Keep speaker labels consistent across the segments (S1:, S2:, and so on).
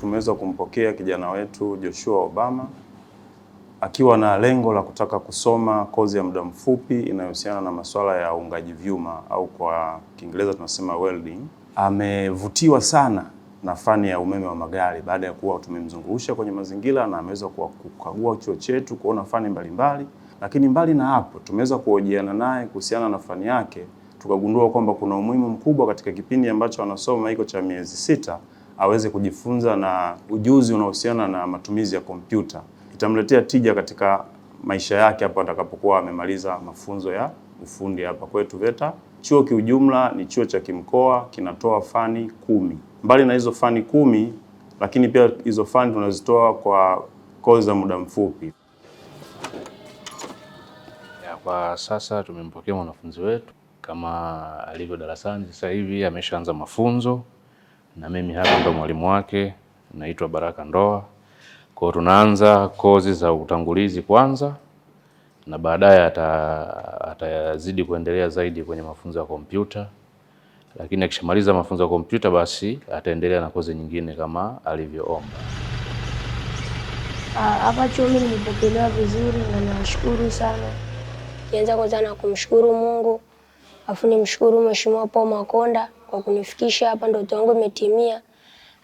S1: Tumeweza kumpokea kijana wetu Joshua Obama akiwa na lengo la kutaka kusoma kozi ya muda mfupi inayohusiana na masuala ya uungaji vyuma au kwa Kiingereza tunasema welding. Amevutiwa sana na fani ya umeme wa magari baada ya kuwa tumemzungusha kwenye mazingira na ameweza kukagua chuo chetu kuona fani mbalimbali. Lakini mbali na hapo, tumeweza kuhojiana naye kuhusiana na fani yake, tukagundua kwamba kuna umuhimu mkubwa katika kipindi ambacho anasoma hiko cha miezi sita aweze kujifunza na ujuzi unaohusiana na matumizi ya kompyuta, itamletea tija katika maisha yake hapo atakapokuwa amemaliza mafunzo ya ufundi hapa kwetu VETA. Chuo kiujumla ni chuo cha kimkoa kinatoa fani kumi. Mbali na hizo fani kumi, lakini pia hizo fani tunazitoa kwa kozi za muda mfupi.
S2: Ya, kwa sasa tumempokea mwanafunzi wetu kama alivyo darasani sasa hivi ameshaanza mafunzo na mimi hapa ndo mwalimu wake, naitwa Baraka Ndoa. kwao tunaanza kozi za utangulizi kwanza na baadaye atazidi kuendelea zaidi kwenye mafunzo ya kompyuta, lakini akishamaliza mafunzo ya kompyuta basi ataendelea na kozi nyingine kama alivyoomba.
S3: Ah, hapa chuoni nimepokelewa vizuri na nashukuru sana, kianza kwanza na kumshukuru Mungu, afu nimshukuru Mheshimiwa Paul Makonda kwa kunifikisha hapa, ndoto yangu imetimia.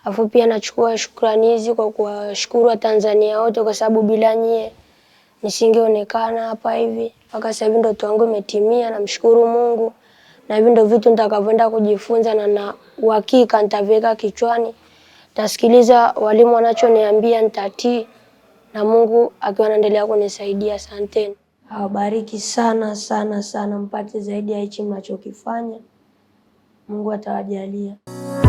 S3: Afu pia nachukua shukrani hizi kwa kuwashukuru Watanzania wote kwa sababu bila nyie nisingeonekana hapa hivi. Mpaka sasa hivi ndoto yangu imetimia, namshukuru Mungu, na hivi ndo vitu nitakavyoenda kujifunza, na na uhakika nitaviweka kichwani, nitasikiliza walimu wanachoniambia, nitatii, na Mungu akiwa anaendelea kunisaidia. Asanteni,
S4: awabariki sana sana sana, mpate zaidi ya hichi mnachokifanya. Mungu atawajalia.